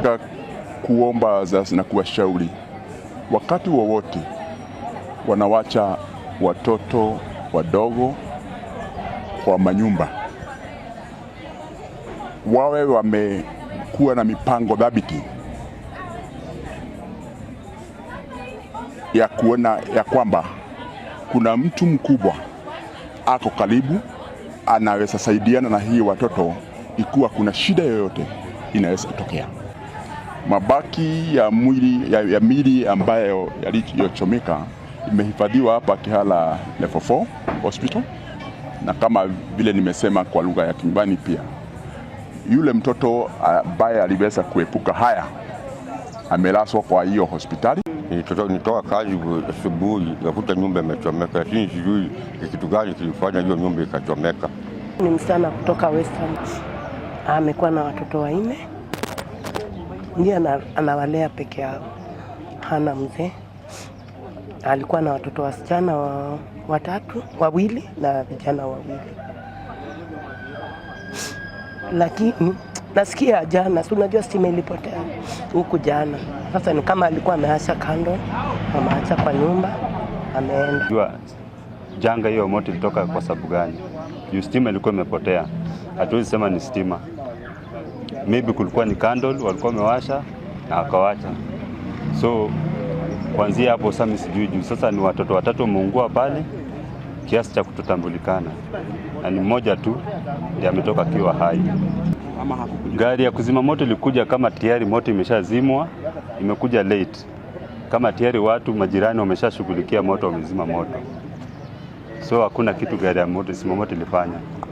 katika kuomba wazazi na kuwashauri, wakati wowote wanawacha watoto wadogo kwa manyumba, wawe wamekuwa na mipango dhabiti ya kuona ya kwamba kuna mtu mkubwa ako karibu, anaweza saidiana na hii watoto ikiwa kuna shida yoyote inaweza kutokea mabaki ya mwili ya, ya mili ambayo yaliyochomeka imehifadhiwa hapa Kihala Level 4 Hospital, na kama vile nimesema kwa lugha ya kinyumbani, pia yule mtoto ambaye aliweza kuepuka haya amelazwa kwa hiyo hospitali. Nitoka kazi asubuhi, nakuta nyumba imechomeka, lakini sijui kitu gani kilifanya hiyo nyumba ikachomeka. Ni msichana kutoka Western, amekuwa na watoto wanne Ndiye anawalea peke yao, hana mzee. Alikuwa na watoto wasichana wa, watatu wawili na vijana wawili, lakini nasikia jana, si unajua stima ilipotea huku jana. Sasa ni kama alikuwa ameacha kando, ameacha kwa nyumba, ameenda. Jua janga hiyo moto ilitoka kwa sababu gani? Juu stima ilikuwa imepotea, hatuwezi sema ni stima maybe kulikuwa ni candle walikuwa wamewasha na wakawacha. So kuanzia hapo sami sijui juu sasa ni watoto watatu wameungua pale kiasi cha kutotambulikana, na ni mmoja tu ndiye ametoka akiwa hai. Gari ya kuzima moto ilikuja kama tayari moto imeshazimwa, imekuja late kama tayari watu majirani wameshashughulikia moto, wamezima moto, so hakuna kitu gari ya moto simamoto ilifanya.